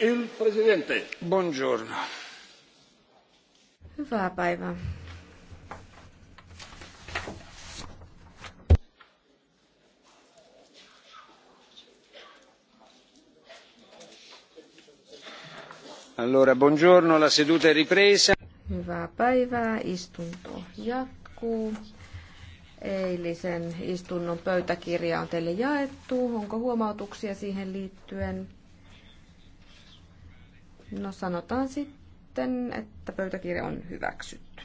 Il presidente. Buongiorno. Hyvää päivää. Allora, buongiorno, la seduta è ripresa. Hyvää päivää, istunto jatkuu. Eilisen istunnon pöytäkirja on teille jaettu. Onko huomautuksia siihen liittyen? No sanotaan sitten, että pöytäkirja on hyväksytty.